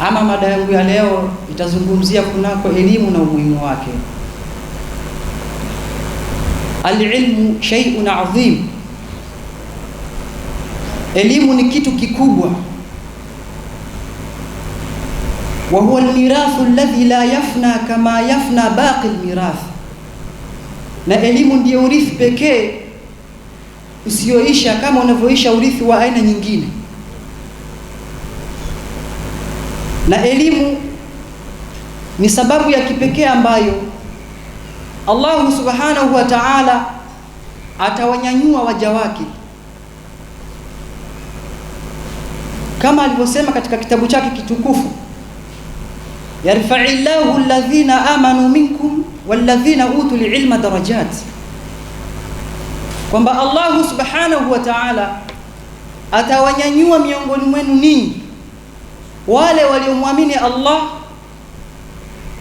Ama mada yangu ya leo itazungumzia kunako elimu na umuhimu wake. Alilmu shay'un adhim, elimu ni kitu kikubwa. Wa huwa almirathu alladhi la yafna kama yafna baqi almirath, na elimu ndiyo urithi pekee usioisha kama unavyoisha urithi wa aina nyingine. na elimu ni sababu ya kipekee ambayo Allahu subhanahu wa ta'ala atawanyanyua waja wake kama alivyosema katika kitabu chake kitukufu, yarfai llahu alladhina amanu minkum walladhina utu ilma darajat, kwamba Allahu subhanahu wa ta'ala atawanyanyua miongoni mwenu ninyi wale waliomwamini Allah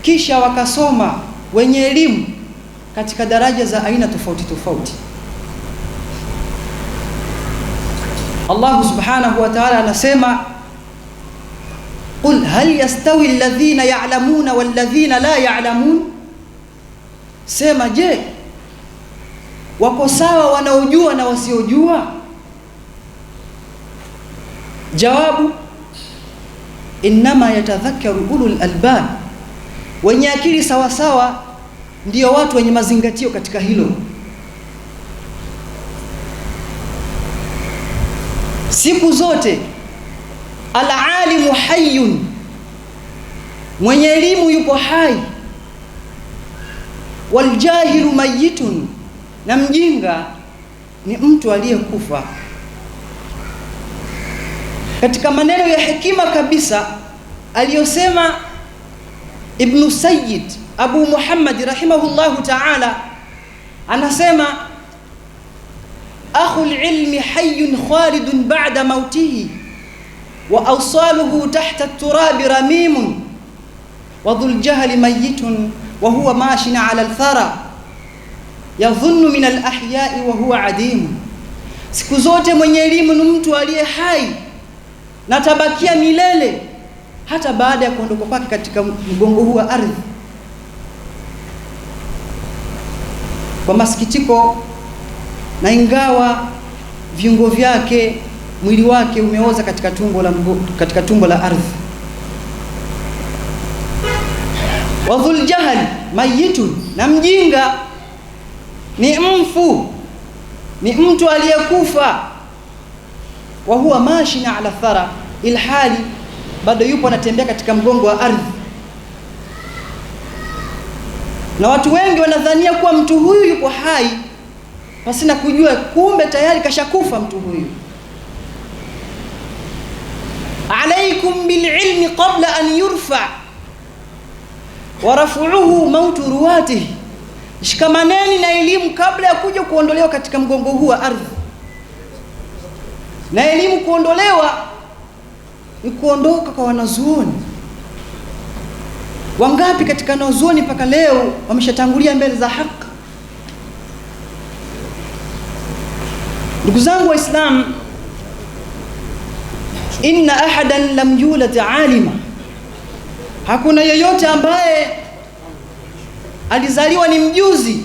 kisha wakasoma wenye elimu katika daraja za aina tofauti tofauti. Allah subhanahu wa ta'ala anasema qul hal yastawi alladhina ya'lamuna walladhina la ya'lamun, sema je, wako sawa wanaojua na wasiojua? Jawabu innama yatadhakkaru ulul albab, wenye akili sawasawa ndio watu wenye mazingatio katika hilo. Siku zote alalimu hayyun, mwenye elimu yupo hai, waljahilu mayitun, na mjinga ni mtu aliyekufa katika maneno ya hekima kabisa aliyosema Ibnu Sayyid Abu Muhammad rahimahullahu ta'ala, anasema akhu ilmi hayyun khalidun ba'da mautihi wa awsaluhu tahta turabi ramimun wa dhul jahli mayitun wa huwa mashin ala althara yadhunnu min alahyai wa huwa adimu, siku zote mwenye elimu ni mtu aliye hai na tabakia milele hata baada ya kuondoka kwake katika mgongo huu wa ardhi. Kwa masikitiko, na ingawa viungo vyake mwili wake umeoza katika tumbo la mgo, katika tumbo la ardhi. wa dhul mayitu, mayitun, na mjinga ni mfu, ni mtu aliyekufa wa huwa mashina ala thara, ilhali bado yupo anatembea katika mgongo wa ardhi. Na watu wengi wanadhania kuwa mtu huyu yuko hai pasina kujua kumbe tayari kashakufa mtu huyu. Alaikum bililmi qabla an yurfa warafuuhu mautu ruwatihi, shikamaneni na elimu kabla ya kuja kuondolewa katika mgongo huu wa ardhi na elimu kuondolewa ni kuondoka kwa wanazuoni. Wangapi katika wanazuoni mpaka leo wameshatangulia mbele za haki? Ndugu zangu islam inna ahadan lam yulad alima, hakuna yeyote ambaye alizaliwa ni mjuzi.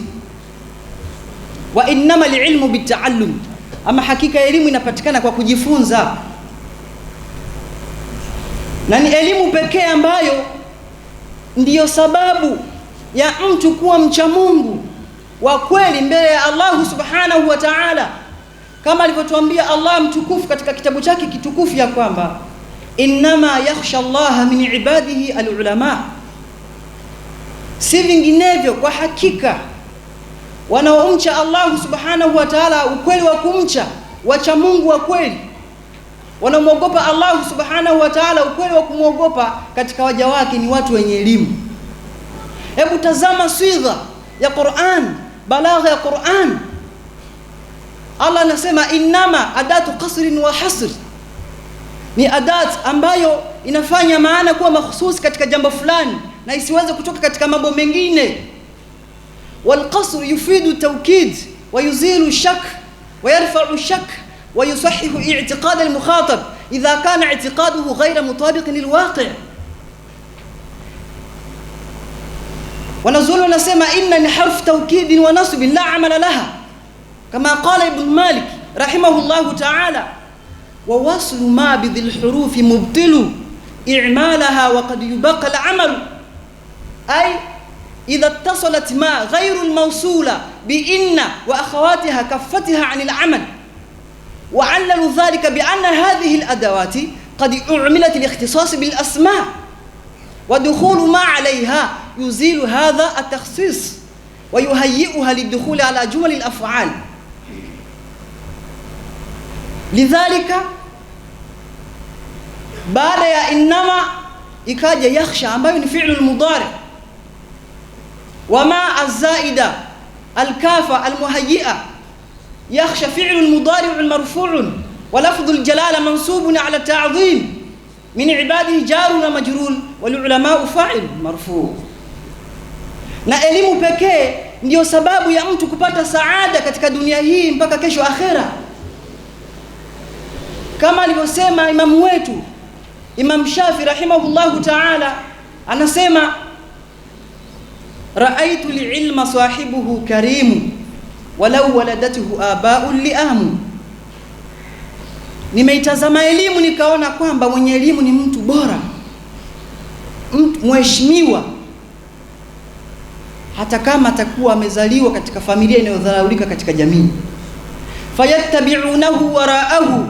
Wa innama lilmu bitaalum ama hakika elimu inapatikana kwa kujifunza, na ni elimu pekee ambayo ndiyo sababu ya mtu kuwa mcha Mungu wa kweli mbele ya Allahu subhanahu wa ta'ala, kama alivyotuambia Allah mtukufu katika kitabu chake kitukufu ya kwamba innama yakhsha Allaha min ibadihi alulama, si vinginevyo kwa hakika wanaomcha Allahu subhanahu wa taala, ukweli wa kumcha, wacha Mungu wa kweli, wanaomwogopa Allahu subhanahu wa taala, ukweli wa kumwogopa katika waja wake ni watu wenye elimu. Hebu tazama swigha ya Qur'an, balagha ya Qur'an. Allah anasema innama adatu qasrin wa hasr, ni adat ambayo inafanya maana kuwa mahususi katika jambo fulani na isiweze kutoka katika mambo mengine. والقصر يفيد التوكيد ويزيل الشك ويرفع الشك ويصحح اعتقاد المخاطب إذا كان اعتقاده غير مطابق للواقع ونزول نسمى إن حرف توكيد ونصب لا عمل لها كما قال ابن مالك رحمه الله تعالى ووصل ما بذي الحروف مبطل إعمالها وقد يبقى العمل أي إذا اتصلت ما غير الموصولة بإن وأخواتها كفتها عن العمل وعللوا ذلك بأن هذه الأدوات قد أعملت الاختصاص بالأسماء ودخول ما عليها يزيل هذا التخصيص ويهيئها للدخول على جمل الأفعال لذلك بعد يا إنما يكاد يخشى ambayo ni fi'lu wama azaida alkafa almuhayia yakhsha filun mudariun marfuun walafdhu aljalala mansubun ala tadhim min ibadihi jarun na majrun walulamau fail marfu' Na elimu pekee ndiyo sababu ya mtu kupata saada katika dunia hii mpaka kesho akhera, kama alivyosema imamu wetu Imam Shafi rahimahullahu taala, anasema raaitu lilma sahibuhu karimu walau waladatuhu abaun liamu, nimeitazama elimu nikaona kwamba mwenye elimu ni mtu bora, mtu mheshimiwa, hata kama atakuwa amezaliwa katika familia inayodharaulika katika jamii. fayattabiunahu waraahu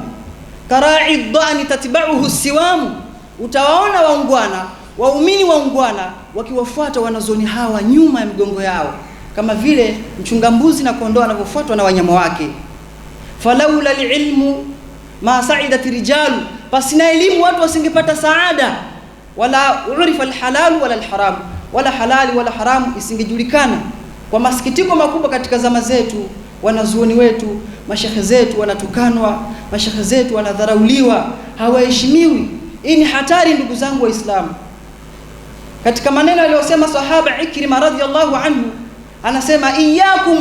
karai dhani tatbauhu siwamu, utawaona waungwana Waumini wa ungwana wakiwafuata wanazoni hawa nyuma ya migongo yao, kama vile mchunga mbuzi na kondoo anavyofuatwa na wanyama wake. falaula lilmu ma saidat rijalu, na elimu watu wasingepata saada. Wala urifa lhalalu wala lharamu wala halali wala haramu isingejulikana. Kwa masikitiko makubwa katika zama zetu, wanazuoni wetu, mashehe zetu wanatukanwa, mashehe zetu wanadharauliwa, hawaheshimiwi. Hii ni hatari, ndugu zangu Waislamu. Katika maneno aliyosema sahaba Ikrima radhiyallahu anhu anasema, iyakum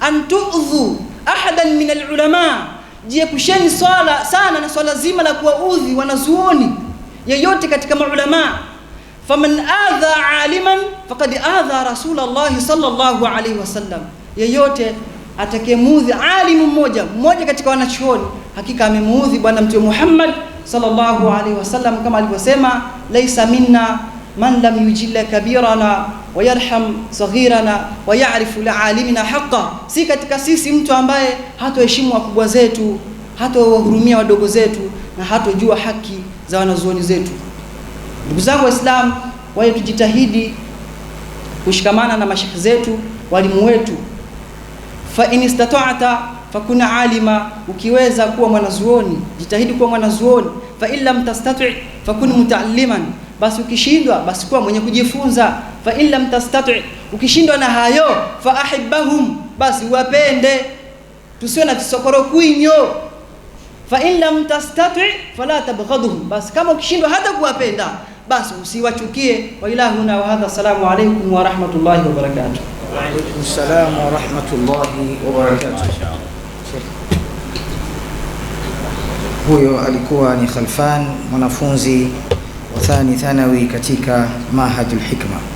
an tu'dhu ahadan min alulama, jiepusheni swala sana na swala zima la kuwaudhi wanazuoni yeyote katika maulama. Faman adha aliman faqad adha rasulallahi sallallahu alayhi wasallam, yeyote atakayemuudhi alimu mmoja mmoja katika wanachuoni, hakika amemuudhi Bwana Mtume Muhammad sallallahu alayhi wasallam, kama alivyosema, laisa minna man lam yujilla kabirana wa yarham saghirana wa laalimina haqqa, si katika sisi mtu ambaye hatoheshimu wakubwa zetu, hatowahurumia wadogo zetu na hatojua haki za wanazuoni zetu. Ndugu zangu Waislamu, waye tujitahidi kushikamana na mashekhe zetu, walimu wetu. Fa in istata'ta fakuna alima, ukiweza kuwa mwanazuoni jitahidi kuwa mwanazuoni. Fa in lam tastati' fakun muta'alliman basi ukishindwa basi kuwa mwenye kujifunza fa in lam tastati ukishindwa na hayo fa ahibbahum basi uwapende tusiwe na visokoro kwinyo fa in lam tastati fala tabghaduhum basi kama ukishindwa hata kuwapenda basi usiwachukie wa ilahuna wa hadha salamu alaykum wa rahmatullahi wa barakatuh wa alaykum salam wa rahmatullahi wa barakatuh huyo alikuwa ni Khalfan mwanafunzi wa thani thanawi katika Manhajul Hikma.